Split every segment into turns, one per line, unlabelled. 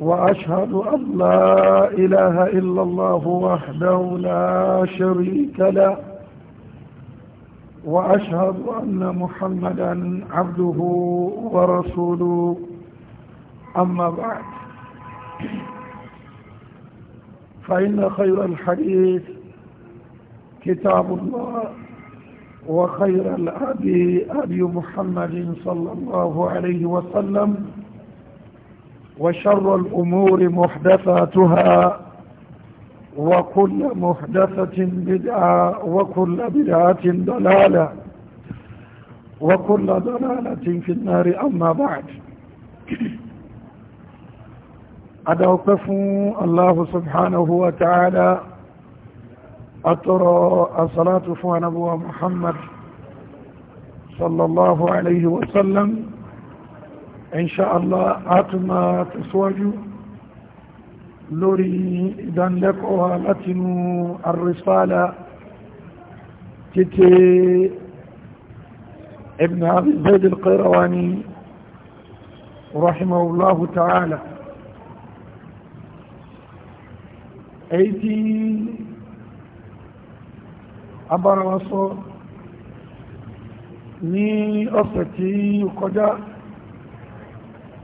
وأشهد أن لا إله إلا الله وحده لا شريك له وأشهد أن محمدا عبده ورسوله أما بعد فإن خير الحديث كتاب الله وخير الأبي أبي محمد صلى الله عليه وسلم وشر الأمور محدثاتها وكل محدثة بدعة وكل بدعة ضلالة وكل ضلالة في النار أما بعد أدوقف الله سبحانه وتعالى أترى الصلاة فوى نبوى محمد صلى الله عليه وسلم inṣáàlá àtúmà tẹ̀síwájú lórí ìdánilẹ́kọ̀ọ́ látinú àrísàlá títí ibn abi zayd al-qayrawani rahimahullahu ta'ala èyí tí abára wa sọ ní ọ̀sẹ̀ tí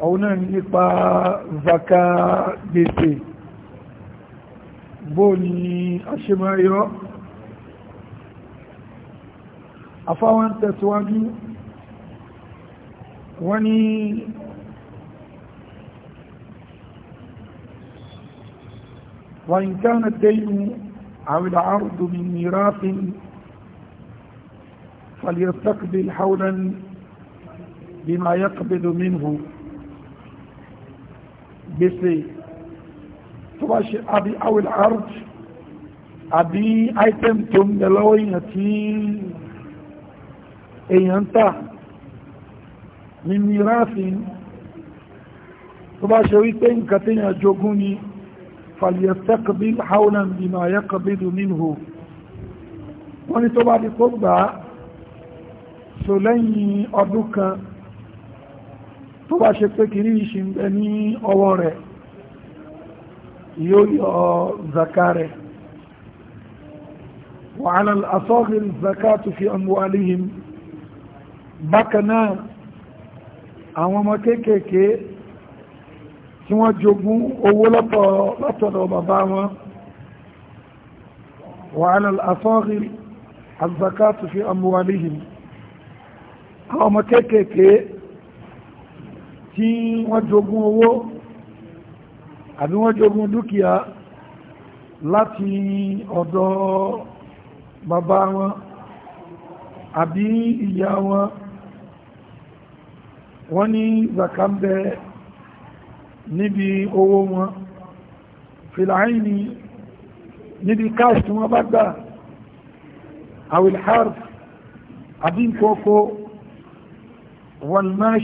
òun náà nípa zaka gbèsè bó ni a ṣe máa yọ afáwọn tẹ̀síwájú wọ́n ni وإن كان الدين أو العرض من ميراث فليستقبل حولا بما يقبض منه gbèsè tó bá ṣe àbí awil art àbí item tó ń bẹ lọ́wọ́ èèyàn tí èèyàn ń tà ní mìíràfin tó bá ṣe wípé nǹkan tí èèyàn jogún ni falyastaqbil hawlan bima yaqbidu minhu wọ́n ni tó bá di kó gbà so lẹ́yìn ọdún kan tó bá ṣe pé kìrí ìṣì ń bẹ ní ọwọ́ rẹ̀ yóò yọ zaka rẹ̀ wa ala al-asagir zakatu fi amwalihim bákan náà àwọn ọmọ kéékèèké tí wọ́n jogún owó lọ́pọ̀ látọ̀dọ̀ bàbá wọn wa ala al-asagir az-zakatu fi amwalihim àwọn ọmọ kéékèèké tí wọ́n jogún owó àbí wọ́n jogún dúkìá láti ọ̀dọ̀ bàbá wọn àbí ìyá wọn wọ́n ní zaka ń bẹ níbi owó wọn fìlàáyìn ni níbi cash tí wọ́n bá gbà àwìlhárf àbí nkókó wọ́n máa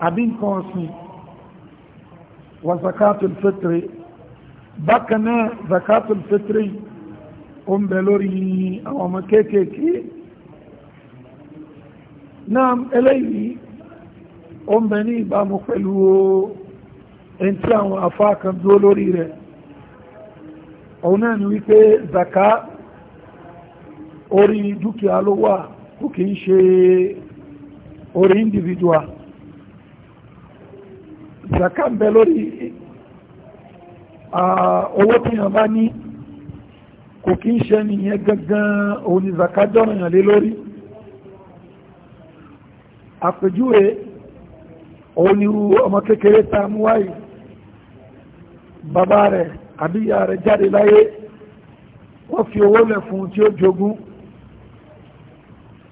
àbí nǹkan ọ̀sìn wa zakatul fitri bákan náà zakatul fitri ó ń bẹ lórí àwọn ọmọ kéékèèké náà eléyìí ó ń bẹ ní ìbámu pẹ̀lú ẹni tí àwọn afá kan dúró lórí rẹ̀ òun náà ni wípé zaka orí dúkìá ló wà kò kìí ṣe orí individual zaka ń bẹ lórí ah, owó tí yàn bá ní kò kí ń ṣe nìyẹn gangan òun ni zaka jọ́ràn yàn lé lórí àpèjúwe òun ni ọmọ kékeré ta mú wáyìí bàbá rẹ̀ àbí rẹ̀ jáde láyé wọ́n fi owó lẹ̀ fún tí ó jogún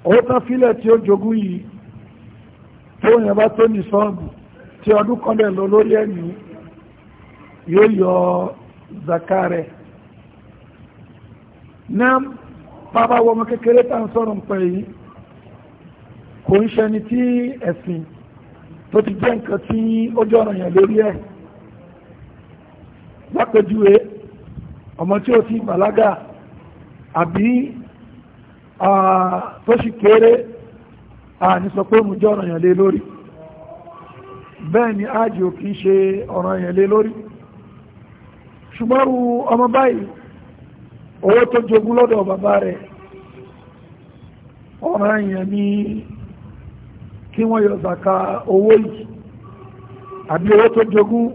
owó tán fílẹ̀ tí ó jogún yìí tó yàn bá tó ní sọ́ọ̀bù tí ọdún kan dẹ̀ lọ lórí ẹ̀mí yóò yọ zaka rẹ̀ náà bàbá wọ ọmọ kékeré tá à ń sọ̀rọ̀ nǹkan yìí kò ń ṣẹni tí ẹ̀sìn tó ti jẹ́ nǹkan tí ó jọ ọ̀ràn yẹn lórí ẹ̀ lápẹjúwe ọmọ tí ó ti bàlágà àbí tó ṣì kéré à sọ pé mo jọ ọ̀ràn yẹn lórí bẹ́ẹ̀ ni ájì ò kìí ṣe ọ̀ràn yẹn lé lórí ṣùgbọ́rù ọmọ báyìí owó tó jogún lọ́dọ̀ bàbá rẹ̀ ọ̀ràn yẹn ni kí wọ́n yọ zaka owó yìí àbí owó tó jogún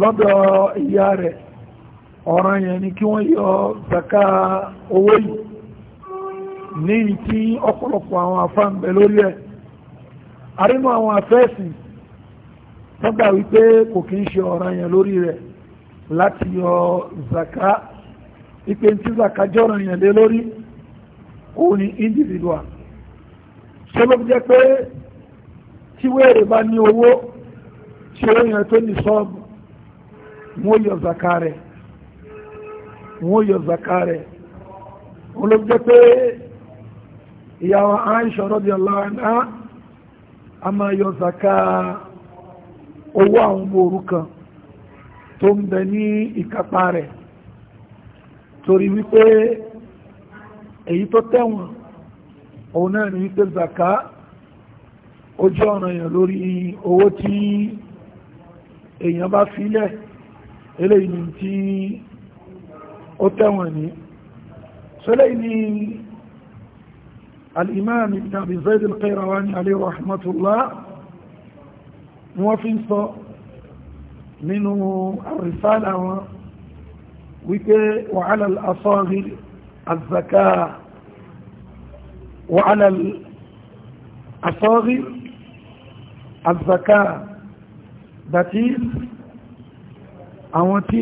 lọ́dọ̀ ìyá rẹ̀ ọ̀ràn yẹn ni kí wọ́n yọ zaka owó yìí ní tí ọ̀pọ̀lọpọ̀ àwọn afáǹbẹ̀ lórí ẹ̀ arínú àwọn afẹ́sìn wọ́n gbà wípé kò kí ń ṣe ọ̀ràn yẹn lórí rẹ̀ láti yọ zaka ipe tí zaka jọ́ràn yẹn lé lórí òun ni individual ṣé ló jẹ́ pé tí wéèrè bá ní owó tí ó yẹn tó ní sọ́ọ̀bù wọ́n yọ zaka rẹ̀ wọ́n yọ zaka rẹ̀ wọ́n pé ìyàwó Aisha radiyallahu anha a máa yọ zaka rẹ̀ owó àwọn ọmọ òrukàn tó ń bẹ ní ìkápá rẹ̀ torí wípé èyí tó tẹ̀wọ̀n òun náà ni wípé zaka ó jẹ́ ọ̀ranyàn lórí owó tí èèyàn bá filẹ̀ eléyìí tí ó tẹ̀wọ̀n ní sọ́lẹ̀ ni al-imam ibn abi zayd al-qayrawani alayhi rahmatullah ni wọ́n fi ń sọ nínú àrísàlà wọn wípé wàhálà asọ́rí àzàká wàhálà asọ́rí àzàká that is àwọn tí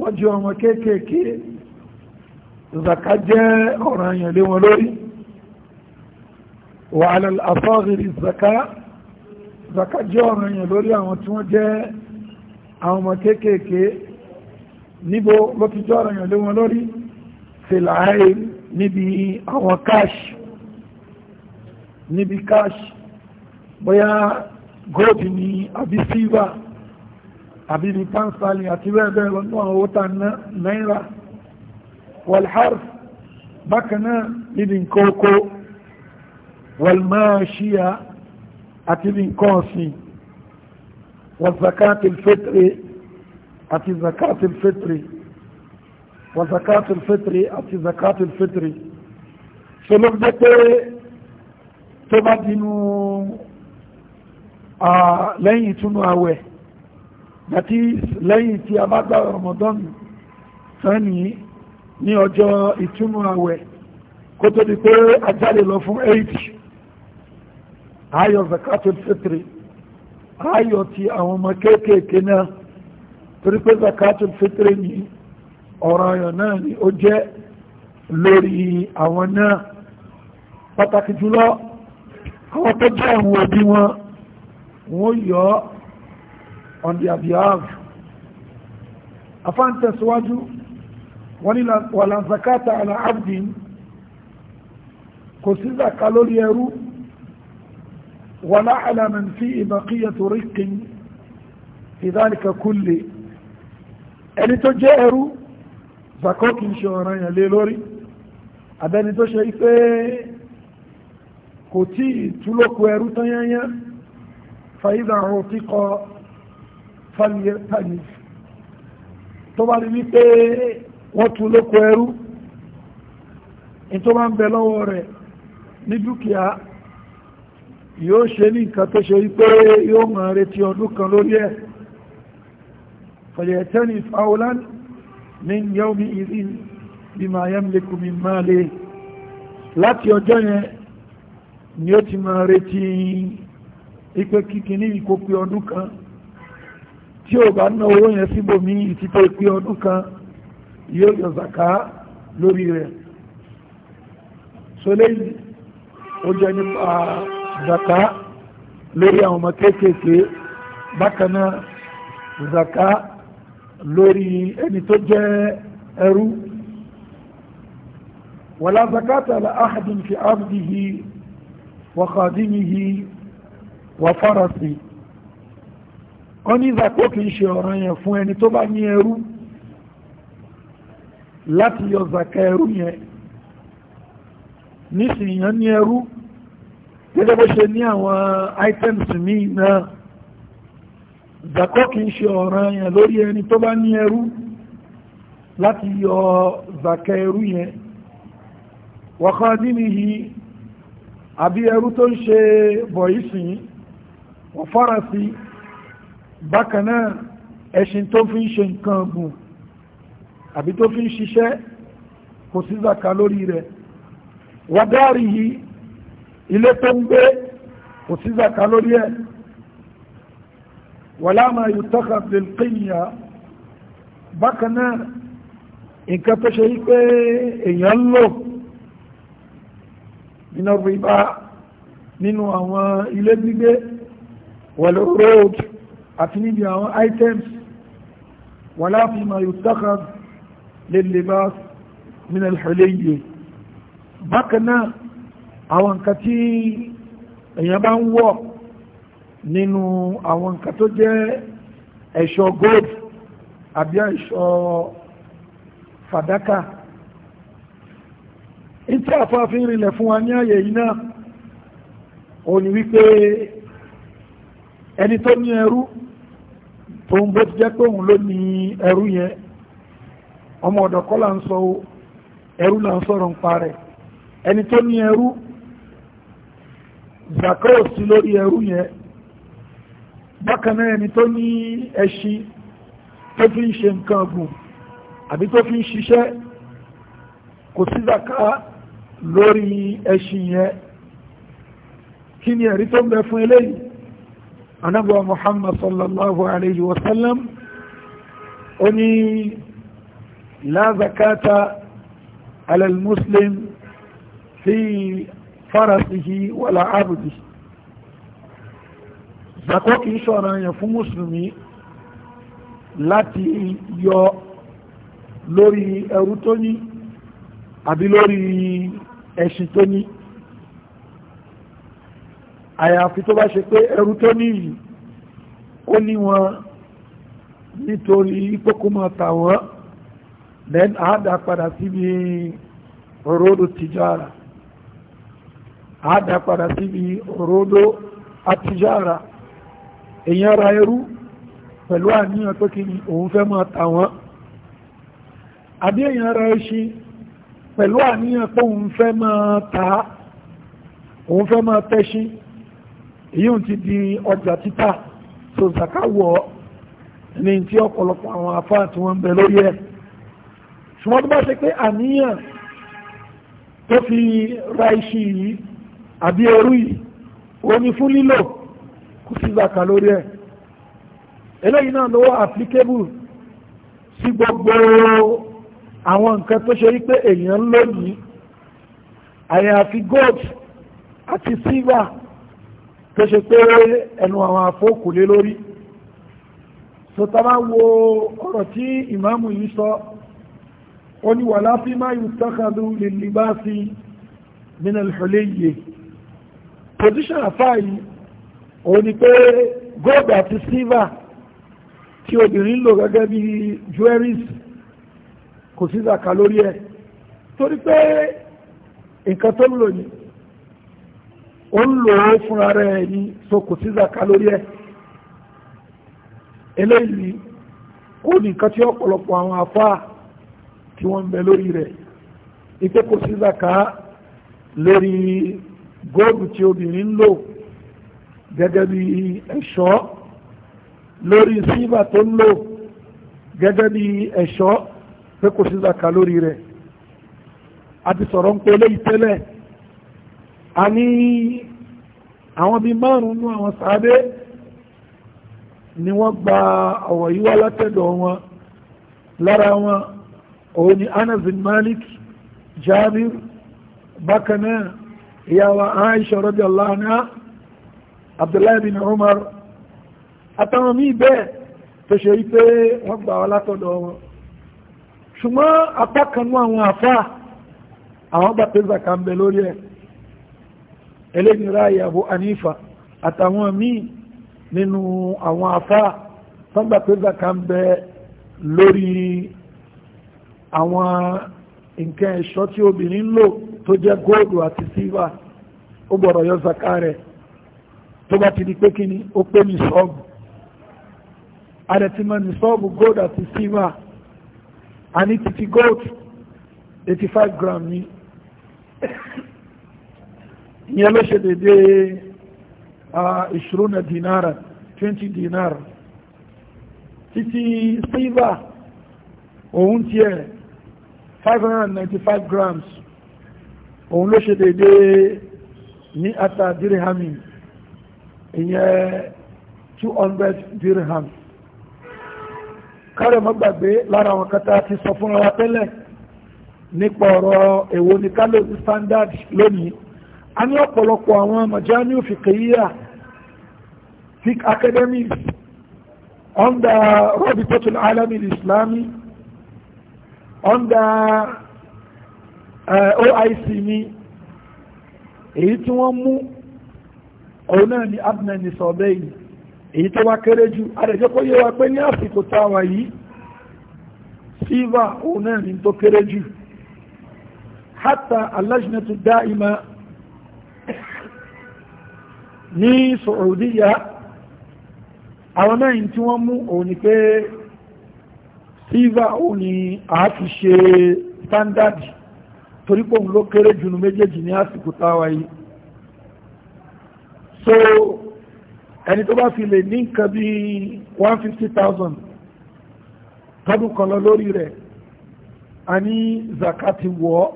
wọ́n jẹ́ ọmọ kéékèèké zaka jẹ́ ọ̀ranyàn lé wọn lórí wàhálà asọ́rí zaka zaka jẹ́ ọ̀rọ̀ èèyàn lórí àwọn tí wọ́n jẹ́ àwọn ọmọ kéékèèké níbo ló ti jẹ́ ọ̀rọ̀ èèyàn lé wọn lórí fèlàáì níbi àwọn káàṣì níbi káàṣì bóyá góòdì ni àbí sílvà àbí ní pánsálì àti bẹ́ẹ̀bẹ́ẹ̀ lọ́nà àwọn owó tàn náírà wàlhárf bákanáà níbi nǹkan oko wàlmáṣíyà àti bí nǹkan ọ̀sìn wa zakatil fitri àti zakatil fitri wa zakatil fitri àti zakatil fitri ṣe ló jẹ́ pé tó bá dínú lẹ́yìn ìtúnú àwẹ̀ àti lẹ́yìn tí a bá gbà Ramadan sẹ́ni ní ọjọ́ ìtúnú àwẹ̀ kó tó di pé a lọ fún 8 ayọ̀ zakatul fitri hayo ti àwọn ọmọ kina, náà torí pé zakatul fitri ni ọ̀rọ̀ ayọ̀ ni ó jẹ́ lórí àwọn náà pàtàkì jùlọ àwọn tó jẹ́ àwọn òbí wọn wọ́n yọ on their behalf afáǹtẹ̀síwájú wọ́n ní wàlànzakata àlà abdin kò sí zaka ولعل من فيه بقية رق في ذلك كله ẹni tó jẹ́ ẹrú zakọ́ kìí ṣe ọ̀ràn yẹn lé lórí àbẹ́ni tó ṣe pé kò tí ìtúlòkù ẹrú tán yányá fàyíza àrùn tí kọ fàlìyẹ tàní tó bá rí wípé wọ́n túlòkù ẹrú ní tó bá ń bẹ lọ́wọ́ rẹ̀ ní dúkìá yóò ṣe ní nǹkan tó ṣe wípé yóò máa retí ọdún kan lórí ẹ̀ fẹ̀yẹ̀tẹ́ni faulan ní yawmi ìrìn bí ma yamliku min mali láti ọjọ́ yẹn ni ó ti máa retí ipé kíkì ní ìkó pé ọdún kan tí ó bá ná owó yẹn síbòmí ìtítọ́ ìpé ọdún kan yóò yọ zaka lórí rẹ̀ so lẹ́yìn ó jẹ́ nípa zaka lórí àwọn ọmọ kéékèèké bákan náà zaka lórí ẹni tó jẹ́ ẹrú wàlá zakata la ahadin fi abdihi wa khadimihi wa farasi wọ́n ní ìzàkó kìí ṣe ọ̀ràn yẹn fún ẹni tó bá ní ẹrú láti yọ zàkà ẹrú yẹn nísìnyàn ní ẹrú gẹ́gẹ́ bó ṣe ní àwọn items míì náà zakọ́ kì í ṣe ọ̀ràn yẹn lórí ẹni tó bá ní ẹrú láti yọ zakẹ́ ẹrú yẹn wọ̀kan nínú àbí ẹrú tó ń ṣe bọ̀ìsìn ọ̀fọ́rasí bákanáà ẹṣin tó fi ń ṣe nǹkan gùn àbí tó fi ń ṣiṣẹ́ kò sí zaka lórí rẹ̀ wàdáàrí yìí ilé tó ń gbé kò sí zaka lórí ẹ̀ wala ma yutakhadh lil qinya bákan náà nǹkan tó ṣe wípé èèyàn ń lò nínú rìbá nínú àwọn ilé gbígbé wal road àti níbi àwọn items wala fima yutakhadh lil libas min al huliyyi bákan náà àwọn nǹkan tí èèyàn bá ń wọ̀ nínú àwọn nǹkan tó jẹ́ ẹ̀ṣọ́ gold àbí ẹ̀ṣọ́ fàdákà ìtí àfáàfin rinlẹ̀ fún wa ní àyè yìí náà ó ní wípé ẹni tó ní ẹrú tó ń bó ti jẹ́ pé òun ló ní ẹrú yẹn ọmọ ọ̀dọ̀ là ń sọ ẹrú là ń sọ̀rọ̀ ń parẹ̀ ẹni tó ní ẹrú zaka ò sí lórí ẹrú yẹn bákan náà ẹni tó ní ẹṣin tó fi ń ṣe nǹkan ọ̀gùn àbí tó fi ń ṣiṣẹ́ kò sí zaka lórí ẹṣin yẹn kí ni ẹ̀rí tó ń bẹ fún eléyìí anábọ̀ muhammad sallallahu alayhi wa sallam ó ní la zakata muslim fi farasihi wala abdi zakọ́ kìí ṣọ̀rọ̀ yẹn fún mùsùlùmí láti yọ lórí ẹrú tó ní àbí lórí ẹṣin tó ní àyàfi tó bá ṣe pé ẹrú tó ní yìí ó ní wọn nítorí ìpókúmọ̀ tàwọn then àádá padà síbi ròròdò tìjára. àádá padà síbi òródó àtijára èyàn ra ẹrú pẹ̀lú àníyàn tó kí ni òun fẹ́ máa tà wọ́n àbí èyàn ra ẹṣin pẹ̀lú àníyàn pé òun fẹ́ máa tà òun fẹ́ máa tẹ́ṣin èyàn ti di ọjà títà tó zakawọ̀ ní tí ọ̀pọ̀lọpọ̀ àwọn afáà tí wọ́n ń bẹ lórí fi ra ẹṣin yìí àbí ẹrú yìí ó ní fún lílò kò sí zaka lórí ẹ̀ eléyìí náà ló applicable sí gbogbo àwọn nǹkan tó ṣe wípé èèyàn lónìí àyàfi gold àti silver tó ṣe pé ẹnu àwọn àfókùlé lórí so ta bá wo ọ̀rọ̀ tí ìmáàmù yìí sọ ó ní wà láfí máa yìí tọ́kàdù lè libáàsì min al-huliyyi position àfáà yìí òun ni pé gold àti silver tí obìnrin lò gẹ́gẹ́ bí jewelries kò sí zaka lórí ẹ̀ torí pé nǹkan tó ń lò ní ó ń lò ó fúnra rẹ̀ ní so kò sí zaka lórí ẹ̀ eléyìí kó nìkan tí ọ̀pọ̀lọpọ̀ àwọn àfáà tí wọ́n ń bẹ lórí rẹ̀ ìpé kò sí zaka lórí góòbù tí obìnrin ń lò gẹ́gẹ́ bí ẹ̀ṣọ́ lórí sílvà tó ń lò gẹ́gẹ́ bí ẹ̀ṣọ́ pé kò sí zaka lórí rẹ̀ a ti sọ̀rọ̀ ń pe eléyìí tẹ́lẹ̀ a ní àwọn bíi márùn-ún nú àwọn sáré ni wọ́n gba ọ̀rọ̀ yìí látẹ̀dọ̀ wọn lára wọn òun ni Anas Malik Jabir bákan náà ìyàwó Aisha radiyallahu anha Abdullahi bin Umar àtàwọn míì bẹ́ẹ̀ tó ṣe wípé wọ́n gbà wá látọ̀dọ̀ wọn ṣùgbọ́n apákanú àwọn àfá àwọn bá pé zaka ń bẹ lórí ẹ̀ eléyìnra ìyàbò anífà àtàwọn míì nínú àwọn àfá tán gbà pé zaka ń lórí àwọn nǹkan ẹ̀ṣọ́ tí obìnrin ń lò tó jẹ́ góòlù àti sílvà ó gbọ́dọ̀ yọ zaka rẹ̀ tó bá ti di pé kí ni ó pé ní sọ́ọ̀bù adẹ̀tìmọ̀ ní sọ́ọ̀bù góòlù àti sílvà a ní títí góòlù 85 gram ní ìyẹn ló ṣe dédé ìṣúrúnà dinara 20 dinara títí sílvà òun tiẹ̀ 595 grams òun ló ṣe déédéé ní ata dirhami ìyẹn two hundred dirham kárẹ̀ mọ́ gbàgbé lára àwọn kata ti sọ fúnra wa tẹ́lẹ̀ nípa ọ̀rọ̀ èwo ni kálórí standard lónìí a ní ọ̀pọ̀lọpọ̀ àwọn majamiu fiqhiyya fiqh academies under Rabitatul Alami Islami under uh, eh, oic ni èyí tí wọ́n mú òun náà ni adnan ní sọ̀bẹ́ yìí èyí tó wá kéré jù adẹ̀jẹ́ kó yé wa pé ní àsìkò táwa yìí silver òun náà ni tó kéré jù hátà dá dáìmá ní Saudiya àwọn náà tí wọ́n mú òun ni pé fífà ó ní a ti ṣe standard torí pé òun ló kéré jùlọ méjèèjì ní àsìkò táwa yìí so ẹni tó bá fi lè ní nǹkan bí 150,000 tọdún kan lọ lórí rẹ̀ a ní zakati wọ́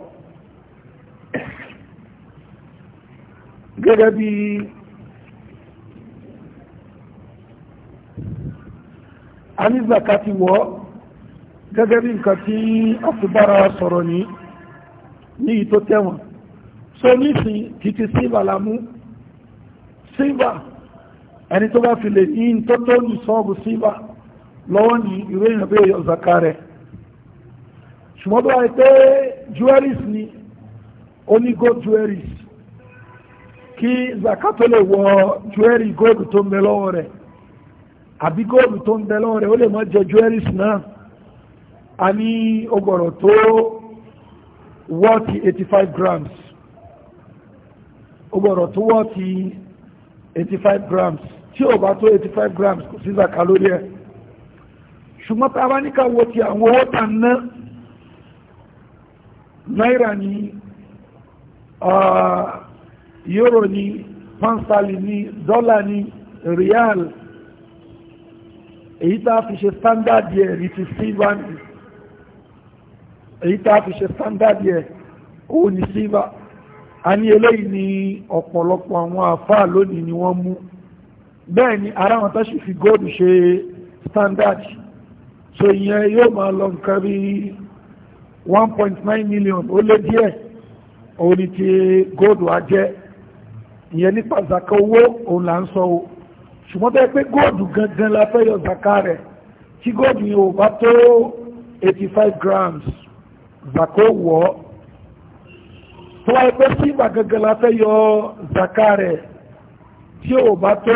gẹ́gẹ́ bí a ní zakati wọ́ gẹ́gẹ́ bí nǹkan tí a ti bára sọ̀rọ̀ ní ní ìtò tẹ́wọ̀n so nísìn kì ti sílva lámú sílva ẹni tó bá fi lè ní tó tó ní sọ́ọ̀bù sílva lọ́wọ́ ní ìwé ìrìnàbí èyàn rẹ̀ ṣùgbọ́n tó wáyé pé jewelries ni ó ní gold jewelries kí jewelry gold tó ń bẹ lọ́wọ́ rẹ̀ àbí gold a ní ọgbọ̀rọ̀ tó wọ́ọ̀tì grams ọgbọ̀rọ̀ tó wọ́ọ̀tì 85 grams tí ó bá tó 85 grams kò sí zaka lórí ẹ̀ ṣùgbọ́n tá a bá ní ká wo ti àwọn owó ná náírà ní euro ní pansali ní dọ́là ní rial èyí tá ṣe standard yẹ̀ rí ti sí báńkì èyí tá a fi ṣe standard yẹ òun ni silver a ní eléyìí ní ọ̀pọ̀lọpọ̀ àwọn àfáà lónìí ni wọ́n mú bẹ́ẹ̀ ni ara wọn tó sì fi gold ṣe standard so ìyẹn yóò máa lọ nǹkan bí one million ó lé díẹ̀ òun ni ti gold wa jẹ́ ìyẹn nípa zaka owó òun là ń sọ o ṣùgbọ́n bẹ́ẹ̀ pé góòdù gangan la fẹ́ yọ zaka rẹ̀ tí góòdù yìí ò bá tó eighty grams zako wọ́ tó wáyé pé sí ìgbà gangan la fẹ́ yọ zaka rẹ̀ tí ò bá tó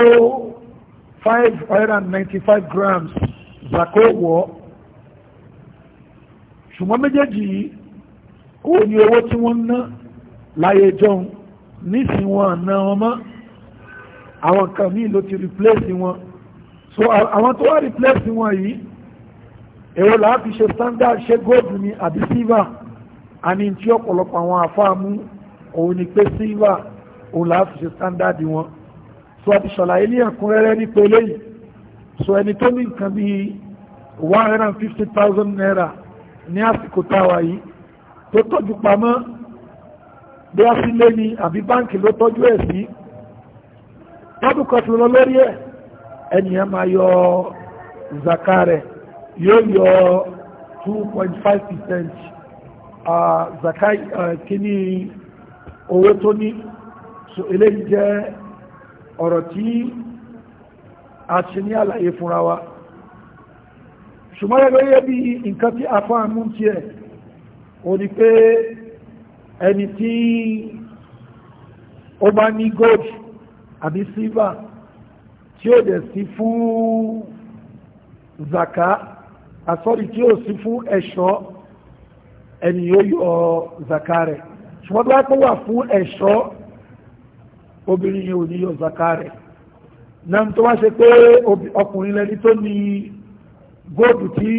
five hundred and ninety five grams zako wọ́ ṣùgbọ́n méjèèjì yìí ó ní owó tí wọ́n ná láyé jọun nísìn wọn ná wọn mọ́ àwọn kan míì ló ti replace wọn so àwọn tó wá replace wọn yìí èrò láti ṣe standard ṣe gold ni àbí silver àní tí ọ̀pọ̀lọpọ̀ àwọn àfáàmú òun ni pé silver òun láti ṣe standard wọn so àti ṣàlàyé ní ẹ̀kúnrẹ́rẹ́ ní pélé yìí so ẹni tó ní nǹkan bíi one hundred and fifty thousand naira ní àsìkò táwa yìí tó tọ́jú pamọ́ bí a sì lé ní àbí báǹkì ló tọ́jú ẹ̀ sí tọ́dún kan ti lọ lórí ẹ̀ ẹnìyàn máa yọ zaka yóò yọ 2.5% zakai kíní owó tó ní so eléyìí jẹ́ ọ̀rọ̀ tí a ṣe ní àlàyé fúnra wa ṣùgbọ́n ẹgbẹ́ yẹ́ bí nǹkan tí a fọ́ àmú tí ẹ̀ o ní pé ẹni tí ó bá ní gold àbí silver tí ó dẹ̀ sí fún zaka àsọ́rí tí ó sí fún ẹ̀ṣọ́ ẹni yóò yọ zaka rẹ̀ ṣùgbọ́n bá tó wà fún ẹ̀ṣọ́ obìnrin yóò ní yọ zaka rẹ̀ náà tó wá ṣe pé ọkùnrin lẹni tó ní góòdù tí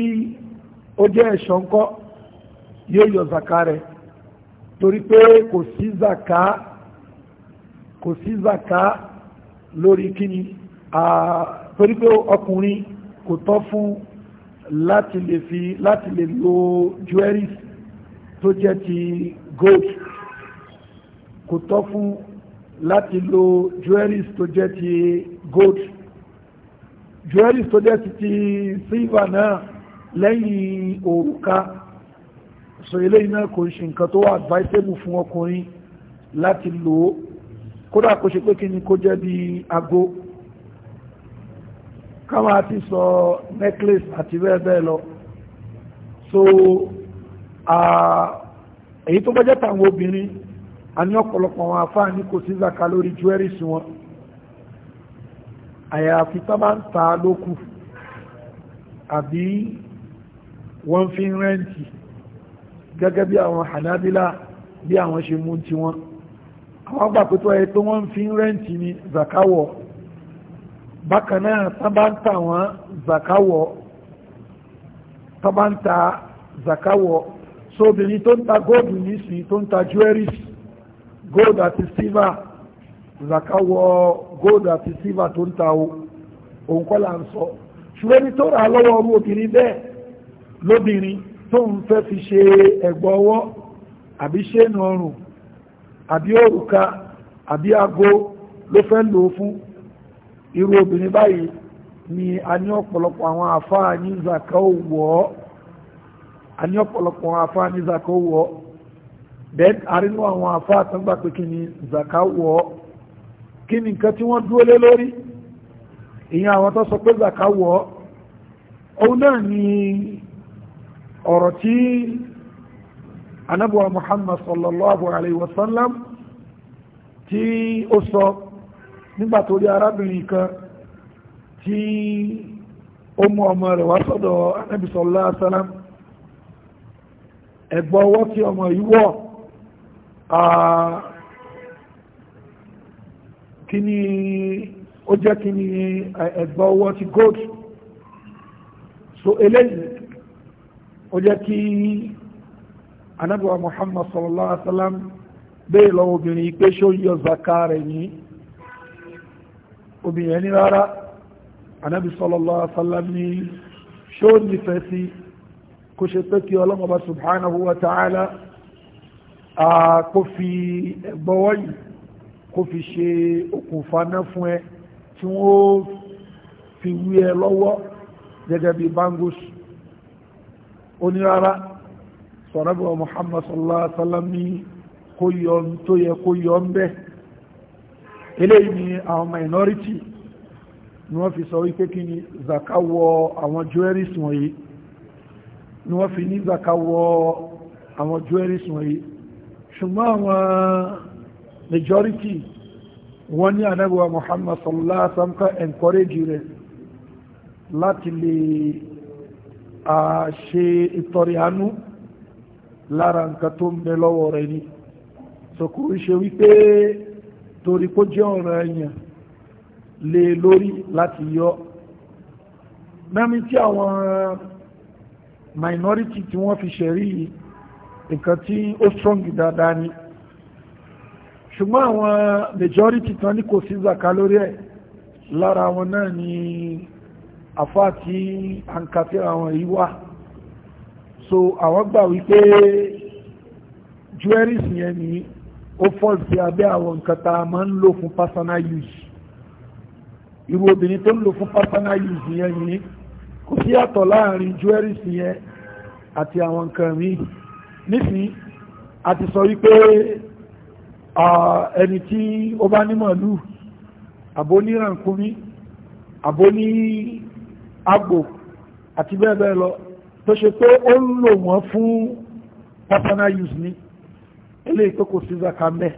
ó jẹ́ ẹ̀ṣọ́ ńkọ́ yóò yọ zaka rẹ̀ torí pé kò sí zaka kò sí zaka lórí kíni torí pé ọkùnrin kò tọ́ fún láti lè fi láti lè lo jewelries tó jẹ́ ti gold kò tọ́ fún láti lo jewelries tó jẹ́ ti gold jewelry tó jẹ́ ti silver náà lẹ́yìn òrùka so eléyìí náà kò ṣe nǹkan tó wà advisable fún ọkùnrin láti lò ó kódà kò ṣe pé kí ni kó jẹ́ bí ago káwàá ti sọ necklace àti bẹ́ẹ̀bẹ́ẹ̀ lọ so èyí tó bọ́jẹ́ tàwọn obìnrin a ní ọ̀pọ̀lọpọ̀ wọn afá ní kò sí zaka lórí jewelries wọn àyàfi tó bá ń ta lókù àbí wọ́n fi ń rẹ́ǹtì gẹ́gẹ́ bí àwọn hanabila bí àwọn ṣe mú ti àwọn gbà pé tó ẹ tó wọ́n fi ń rẹ́ǹtì ní zakawọ̀ bákan náà tán bá ń ta wọn so obìnrin tó ń ta góòdù nísìn tó ń ta jewelries góòdù àti silver zakawọ góòdù àti silver tó ń ta o òun kọ́ là ń sọ ṣùgbọ́n ẹni tó rà lọ́wọ́ ọrú obìnrin bẹ́ẹ̀ lóbìnrin tó ń fẹ́ fi ṣe ẹ̀gbọ́ ọwọ́ àbí ṣéènù ọrùn àbí òrùka àbí aago ló fẹ́ lò fún irú obìnrin báyìí ni a ní ọ̀pọ̀lọpọ̀ àwọn àfáà ní zaka owó a ní ọ̀pọ̀lọpọ̀ àwọn àfáà ní zaka owó then arínú àwọn àfáà tó ń gbà pé kí ni zaka owó kí ni nǹkan tí wọ́n dúró lé lórí ìyẹn àwọn tó sọ pé zaka owó òun náà ni ọ̀rọ̀ tí anábùwà Muhammad sallallahu alayhi wa sallam tí ó sọ nígbà tó rí arábìnrin kan tí ó mú ọmọ rẹ̀ wá sọ́dọ̀ Ànábì sallallahu alaihi wasallam ẹ̀gbọ́ ọwọ́ tí ọmọ yìí wọ̀ ó jẹ́ kí ni ẹ̀gbọ́ ọwọ́ ti gold so eléyìí ó jẹ́ kí Ànábì wa Muhammad sallallahu alaihi wasallam bẹ́ẹ̀ lọ obìnrin pé ṣó yọ zaka rẹ̀ obìnrin ní rárá anábì sallallahu alaihi wasallam ní ṣó nífẹ̀ẹ́ sí kó ṣe pé kí ọlọ́mọba subhanahu wa ta'ala kó fi ẹgbọ́wọ́ yìí kó fi ṣe okùnfà náà fún ẹ tí wọ́n fi wí ẹ lọ́wọ́ gẹ́gẹ́ bí bangus onírárá sọ̀rọ̀bọ̀ muhammad sallallahu alaihi wasallam yọ tó yẹ kó yọ ń bẹ́ẹ̀ eléyìí ni àwọn minority ni wọ́n fi sọ wípé kí ni zaka wọ àwọn jewelries wọ̀nyí ni wọ́n fi ní zaka wọ àwọn jewelries wọ̀nyí ṣùgbọ́n àwọn majority wọ́n ní anábíwá Muhammad sallallahu alaihi wasallam ká encourage rẹ̀ láti lè ṣe ìtọrẹ àánú lára nǹkan tó ń bẹ lọ́wọ́ rẹ̀ ni so ṣe wípé torí kó jẹ́ ọ̀rọ̀ ẹ̀yàn lé lórí láti yọ mẹ́mí tí àwọn minority tí wọ́n fi ṣẹ̀rí nǹkan tí ó strong dáadáa ni ṣùgbọ́n àwọn majority tán ní kò sí zaka lórí ẹ̀ lára wọn náà ni àfáà tí a ń kàfẹ́ àwọn yìí wà so àwọn gbà wípé jewelries yẹn nìyí ó fọ́ sí abẹ́ àwọn nǹkan tá a máa ń lò fún personal use irú obìnrin tó ń lò fún personal use yẹn yìí kò sí àtọ̀ láàrin jewelries yẹn àti àwọn nǹkan míì nísìnyí a ti sọ wípé ẹni tí ó bá ní màálù àbó ní rànkúnmí àbó ní àgbò àti bẹ́ẹ̀ bẹ́ẹ̀ lọ tó ṣe pé ó ń lò wọ́n fún personal use ni eléyìí pé kò sí zaka mẹ́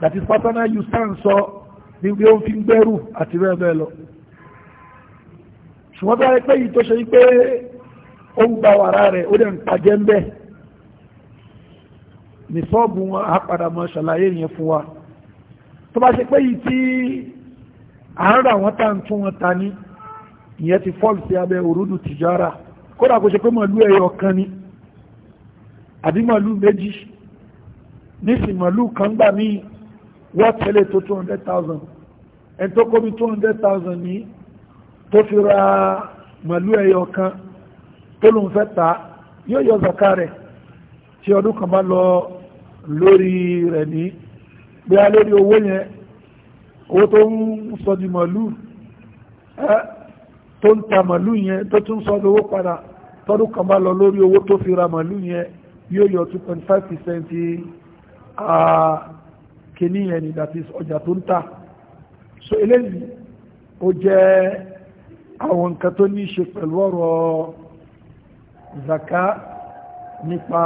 dàtí pátánà yìí sàn sọ ní pé ó fi ń gbẹ́rù àti bẹ́ẹ̀ bẹ́ẹ̀ lọ ṣùgbọ́n tó wáyé pé yìí tó ṣe pé ó ń gba wàrà rẹ̀ ó dẹ̀ ń pàjẹ́ ń bẹ́ẹ̀ ní sọ́ọ̀bù wọn á padà mọ́ ṣàlàyé yẹn fún wa tó bá ṣe pé yìí tí à ń tá ń tún wọn ta ní ìyẹn ti fọ́ọ̀lù sí abẹ́ òrùdù tìjára kódà kó ṣe pé mọ̀lú ẹ̀yọ̀ kan ni àbí màálù méjì nísì màálù kan gbà mí wọ́n tẹ́lẹ̀ tó 200,000 ẹni tó kó mi 200,000 ní tó fi ra màálù ẹyọ kan tó lóun fẹ́ ta yóò yọ zaka rẹ̀ tí ọdún kan bá lọ lórí rẹ̀ ní bí a lórí owó yẹn owó tó ń sọ di màálù tó ń ta màálù yẹn tó tún sọ di owó padà tọ́dún kan bá lọ lórí owó tó fi ra màálù yẹn yóò yọ 2.5% kìíní yẹn ni that is ọjà tó ń tà so eléyìí ó jẹ́ àwọn nǹkan tó ní ṣe pẹ̀lú ọ̀rọ̀ zaka nípa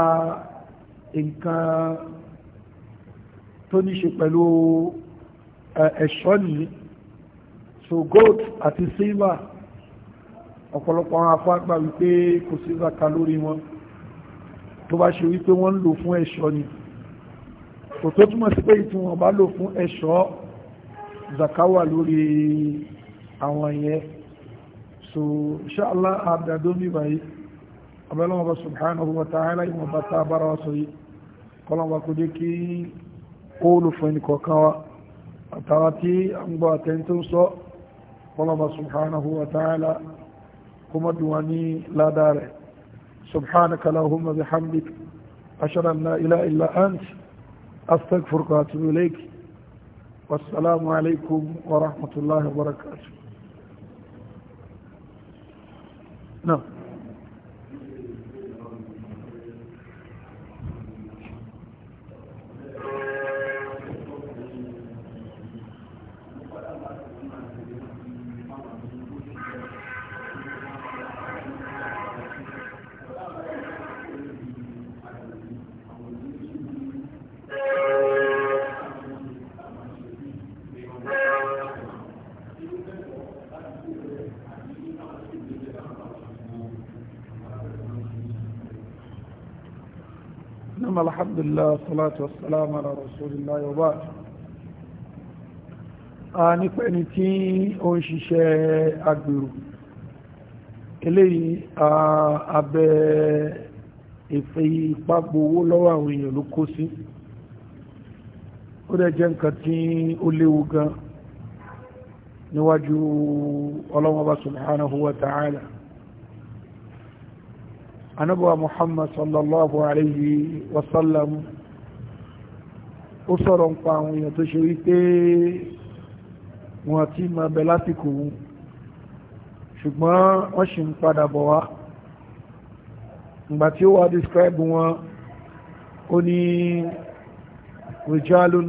nǹkan tó ní ṣe pẹ̀lú ẹ̀ṣọ́ nìyí so gold àti silver ọ̀pọ̀lọpọ̀ àwọn afọ́ àgbà wípé kò sí zaka lórí wọn tó bá ṣe wípé wọ́n ń lò fún ẹ̀ṣọ́ ni kò tó túmọ̀ sí pé ìtún wọn bá lò fún ẹ̀ṣọ́ zakawa lórí àwọn yẹn so inshallah àdàdómi báyìí abẹ́lọ́wọ́ bá subhanahu wa ta'ala ìwọ̀n bá tá a bára wa sọ yìí kọ́lọ́wọ́ kò dé kí ó lò fún ẹnì kọ̀ọ̀kan wa àtàwà tí a ń gbọ́ àtẹ́ntó sọ kọ́lọ́wọ́ subhanahu wa kó mọ́ dùn wa ní ládàá rẹ̀ سبحانك اللهم بحمدك أشهد أن لا إله إلا أنت أستغفرك وأتوب إليك والسلام عليكم ورحمة الله وبركاته نعم alhamdulillah salatu wassalamu ala rasulillah wa ba'd a nípa ẹni tí ó ń ṣiṣẹ́ agbèrò eléyìí a abẹ́ ìfẹ́ ipá gbowó lọ́wọ́ àwọn èèyàn ló kó sí ó dẹ̀ jẹ́ nǹkan tí ó léwu gan níwájú ọlọ́wọ́ bá subhanahu wa ta'ala. ala anábọ̀wà muhammad sallallahu alayhi wa sallam ó sọ̀rọ̀ ń pa àwọn èèyàn tó ṣe wípé wọn àti ma bẹ lásìkò ṣùgbọ́n wọ́n ṣì ń padà bọ̀ wá ìgbà tí ó wá describe wọn ó ní rijalun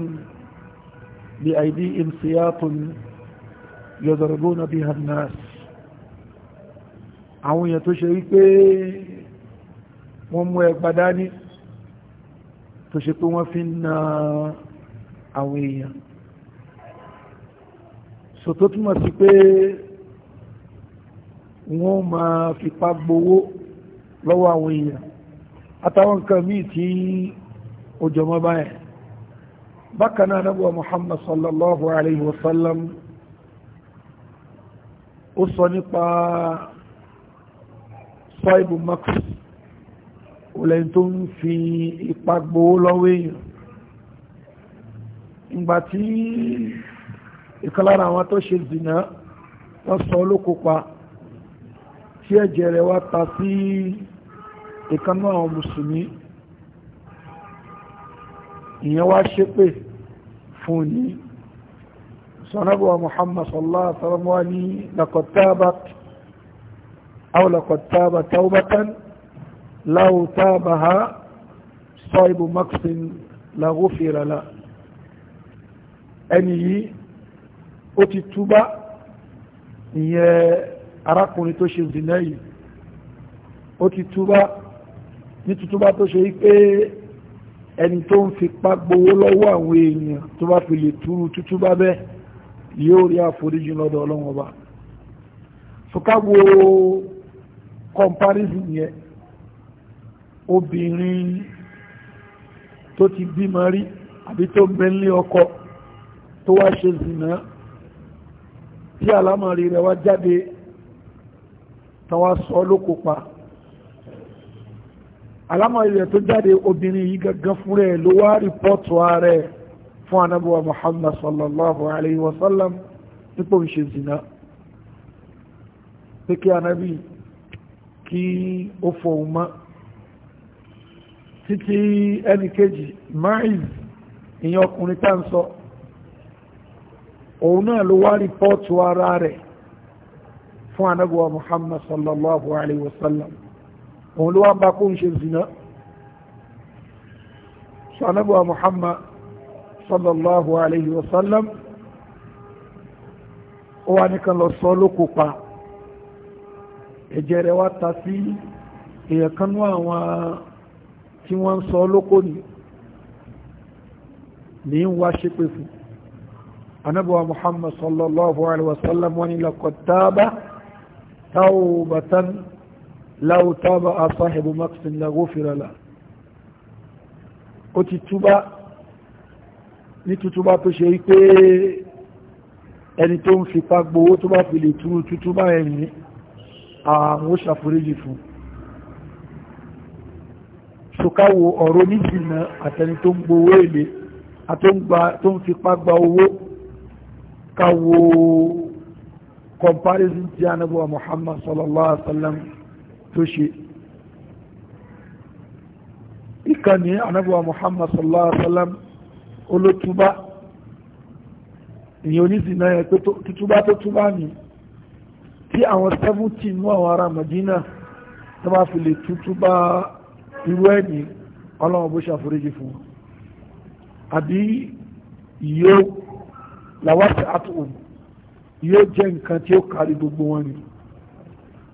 bi aydihim siyatun yadribuna biha an àwọn èèyàn tó ṣe wípé wọ́n mú ẹgbà dání tó ṣe pé wọ́n fi ń na àwọn èèyàn so tó túmọ̀ sí pé wọ́n máa fipá gbowó lọ́wọ́ àwọn èèyàn àtàwọn nǹkan míì tí ó jọmọ́ báyẹn bákan Muhammad sallallahu alayhi wa sallam ó sọ nípa sọ ibù makus olè tó ń fi ipa gbowó lọ́wọ́ èèyàn ìgbà tí ìkan lára àwọn tó ṣe zìnà wọ́n sọ olókópa tí ẹ̀jẹ̀ rẹ̀ wá ta sí ìkan àwọn mùsùlùmí ìyẹn wá ṣépè fún ní sọ́nàbọ̀wà Muhammad sallallahu alaihi wasallam ní laqad tabat لو تابها صاحب مكس لغفر له ẹni yìí ó ti túbá ìyẹn arákùnrin tó ṣe zìnà yìí ó ti túbá ní tútúbá tó ṣe wípé ẹni tó ń fi pá gbowó lọ́wọ́ àwọn èèyàn tó bá fi lè túrú tútúbá bẹ́ẹ̀ yóò rí àforíjì lọ́dọ̀ ọlọ́wọ́n ọba fúkàgbò comparison yẹn obìnrin tó ti bímọ rí àbí tó bẹ́ńlé ọkọ tó wá ṣe zìnà tí alámọ̀rí rẹ̀ wá jáde tàwà sọ lókò pa alámọ̀rí rẹ̀ tó jáde obìnrin yí gangan fún rẹ̀ ló wá rìpọ́tù ààrẹ fún anábọ̀wà Muhammad sallallahu alayhi wa sallam nípò ń ṣe zìnà pé kí anábì kí ó títí ẹnì kejì Maiz ìyẹn ọkùnrin tá ń sọ òun náà ló wá rìpọ́ọ̀tù ara rẹ̀ fún anábọ̀wá Muhammad sallallahu alayhi wa sallam òun ló wá bá kó ń ṣe zina sọ anábọ̀wá Muhammad sallallahu alayhi wa sallam ó wá nìkan lọ sọ lókò pa ẹ̀jẹ̀ rẹ̀ wá ta sí èèyàn kanú àwọn tí wọ́n ń sọ lókò ní ní ń wá ṣépè fún anábọ̀wà muhammad sallallahu alaihi wasallam wani laqad taba tawbatan law taba asahibu maksin la ghufira la ó ti túbá ní tútúbá tó ṣe wípé ẹni tó ń fipá gbowó tó bá fi lè túrú tútúbá ẹ̀yìn àwọn ó ṣàforíjì fún ṣùkáwò ọ̀rọ̀ oníjìnà àtẹni tó ń gbowó èlé tó ń fipá gba owó káwò comparison tí a Muhammad sallallahu alaihi wasallam tó ṣe ìkànnì anábọ̀ Muhammad sallallahu alaihi wasallam olótúbá ìyẹn oníjìnà ẹ̀ pé tútúbá tó túbá ni tí àwọn 17 mú àwọn ará Madina tó bá fi lè tútúbá irú ẹni ọlọ́wọ́ bó ṣàforíjì fún wọn àbí yóò làwátì àtùwọ̀n yóò jẹ́ nǹkan tí ó kárí gbogbo wọn ni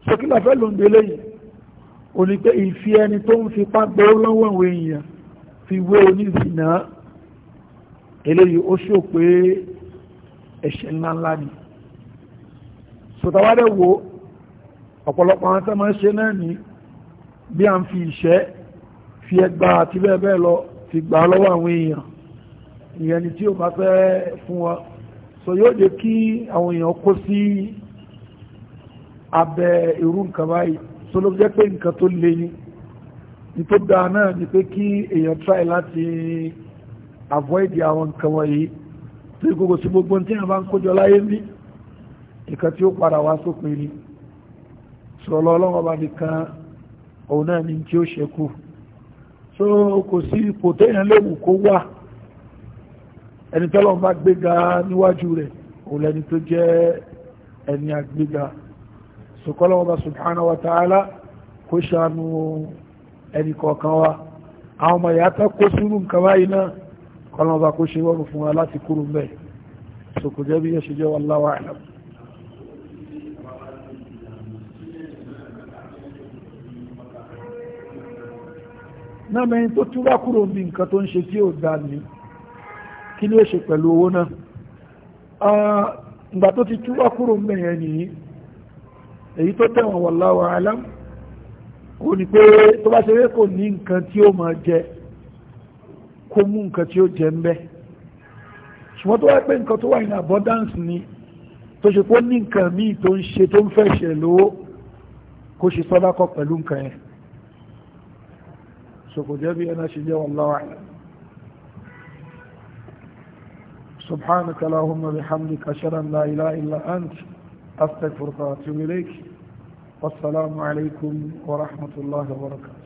sókílà fẹ́ ló ń délé yìí o ní pé ìfi ẹni tó ń fi pàgbé lọ́wọ́ àwọn èèyàn fi wé onízìnà eléyìí ó ṣò pé ẹ̀ṣẹ̀ ńláńlá ni sọ̀tàwádẹ́ wo ọ̀pọ̀lọpọ̀ àwọn tó máa ń ṣe náà ni bí a ń fi ìṣẹ́ fi ẹgbà àti bẹ́ẹ̀ bẹ́ẹ̀ lọ ti gbà lọ́wọ́ àwọn èèyàn ìyẹn ni tí ó bá fẹ́ fún wa so yóò jẹ́ kí àwọn èèyàn kó sí abẹ́ irú nǹkan báyìí so ló jẹ́ pé nǹkan tó le ni ní tó dáa náà ni pé kí èèyàn try láti avoid àwọn nǹkan wọ̀nyí tí gbogbo sí gbogbo tí a bá ń kójọ láyé ní nǹkan tí ó padà wá sópin ni sọ̀rọ̀ ọlọ́wọ́ bá nìkan òun náà ni tí ó ṣẹ́kù so kò sí ipò téèyàn léwu kó wà ẹni tọ́lọ́ bá gbéga níwájú rẹ̀ òun lẹni tó jẹ́ ẹni àgbéga sọkọ́lọ́ ọba subhanahu wa ta'ala kó ṣàánú ẹni kọ̀ọ̀kan wa àwọn ọmọ ìyàtọ̀ kó sínú nǹkan báyìí náà kọ́lọ́ ọba kó ṣe wọ́n fún wa láti kúrò mẹ́ sọkò bí yẹn ṣe jẹ́ wallahu a'lam náà mẹ́rin tó túbá kúrò bí nǹkan tó ń ṣe tí ó dá ní kí ni ó ṣe pẹ̀lú owó náà ìgbà tó ti túbá kúrò mẹ́rin nìyí èyí tó tẹ̀wọ̀n wallahu alam kò ní pé tó bá ṣeré kò ní nǹkan tí ó máa jẹ kó mú nǹkan tí ó jẹ ń bẹ́ ṣùgbọ́n tó wá pé nǹkan tó wà ní abundance ni tó ṣe pé ó ní nǹkan míì tó ń ṣe tó ń fẹ́ ṣe lówó kó ṣe sọ́dákọ̀ pẹ̀lú nǹkan yẹn سكجابي أنا شجاء والله أعلم سبحانك اللهم بحمدك أشرا لا إله إلا أنت استغفرك واتوب إليك والسلام عليكم ورحمة الله وبركاته